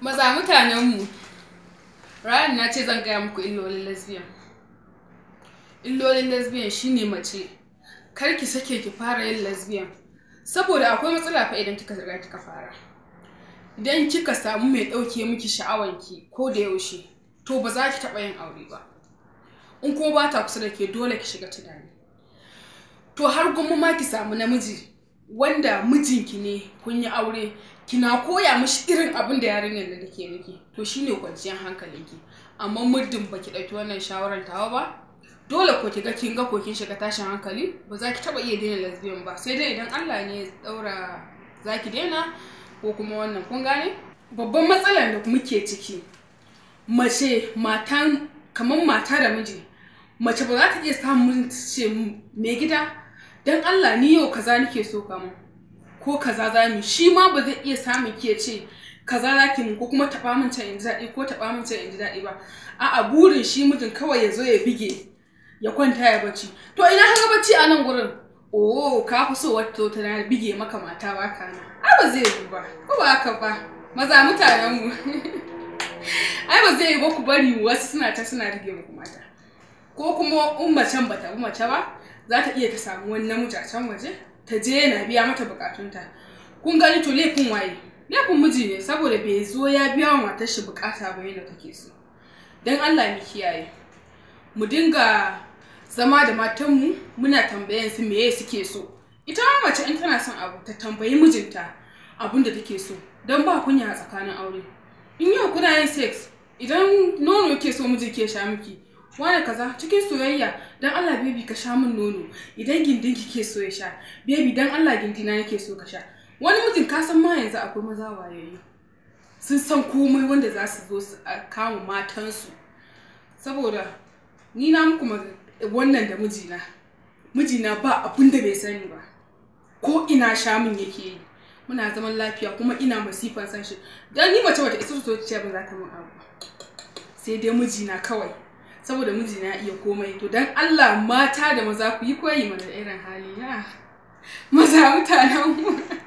maza mutanen mu ranar na ce zan gaya muku illolin lesbian illolin lesbian shine mace kar ki sake ki fara yin lesbian saboda akwai matsala fa idan kika riga kika fara idan kika samu mai ɗauke miki sha'awanki ko da yaushe to ba za ki taɓa yin aure ba in ko ba ta kusa da ke dole ki shiga tunani to har gumma ma ki samu namiji wanda mijinki ne kun yi aure kina koya mishi irin abin da yarinyar da take miki to shine kwanciyar hankalinki amma muddin baki ɗauki wannan shawarar tawa ba dole ko kiga kin ga ko kin shiga tashin hankali ba za ki taba iya daina lesbian ba sai dai idan Allah ne ya daura zaki daina ko kuma wannan kun gane babban matsalar da muke ciki mace mata kamar mata da miji mace ba za ta iya samun ce mai gida dan Allah ni yau kaza nake so ka mun ko kaza za mu shi ma ba zai iya samun ke ce kaza za ki mun ko kuma taɓa min can inji ji daɗi ko taɓa min can inji daɗi ba a'a burin shi mijin kawai ya zo ya bige ya kwanta ya bacci to ina ka bacci a nan gurin oh ka fi so wata ta na bige maka mata ba ka na ai ba zai yi ba ko ba haka ba maza mutanen mu ai ba zai yi ba ku bari wasu suna ta suna rige muku mata ko kuma in ba bata bi mace ba za ta iya ta samu wani namiji a can waje ta je yana biya mata bukatunta kun gani to laifin waye laifin miji ne saboda bai zo ya biya wa matar shi bukata ba yadda kake so dan Allah mu kiyaye mu dinga zama da matanmu muna tambayan su meye suke so ita ma mace in tana son abu ta tambayi mijinta abin da take so don ba kunya a tsakanin aure in yau kuna yin sex idan nono ke so miji ke sha miki wani kaza cikin soyayya dan Allah baby ka sha min nono idan gindin kike so ya sha baby dan Allah gindina yake so ka sha wani mutum ka san ma yanzu akwai maza wayoyi sun san komai wanda za su zo su kama matansu saboda ni na muku wannan da mijina mijina ba abin da bai sani ba ko ina sha min yake yi muna zaman lafiya kuma ina masifan san shi dan ni mace wata isa so ce ba za ta mun abu sai dai mijina kawai saboda miji na iya komai to dan Allah mata da maza ku yi koyi mana da irin hali na maza mutanen mu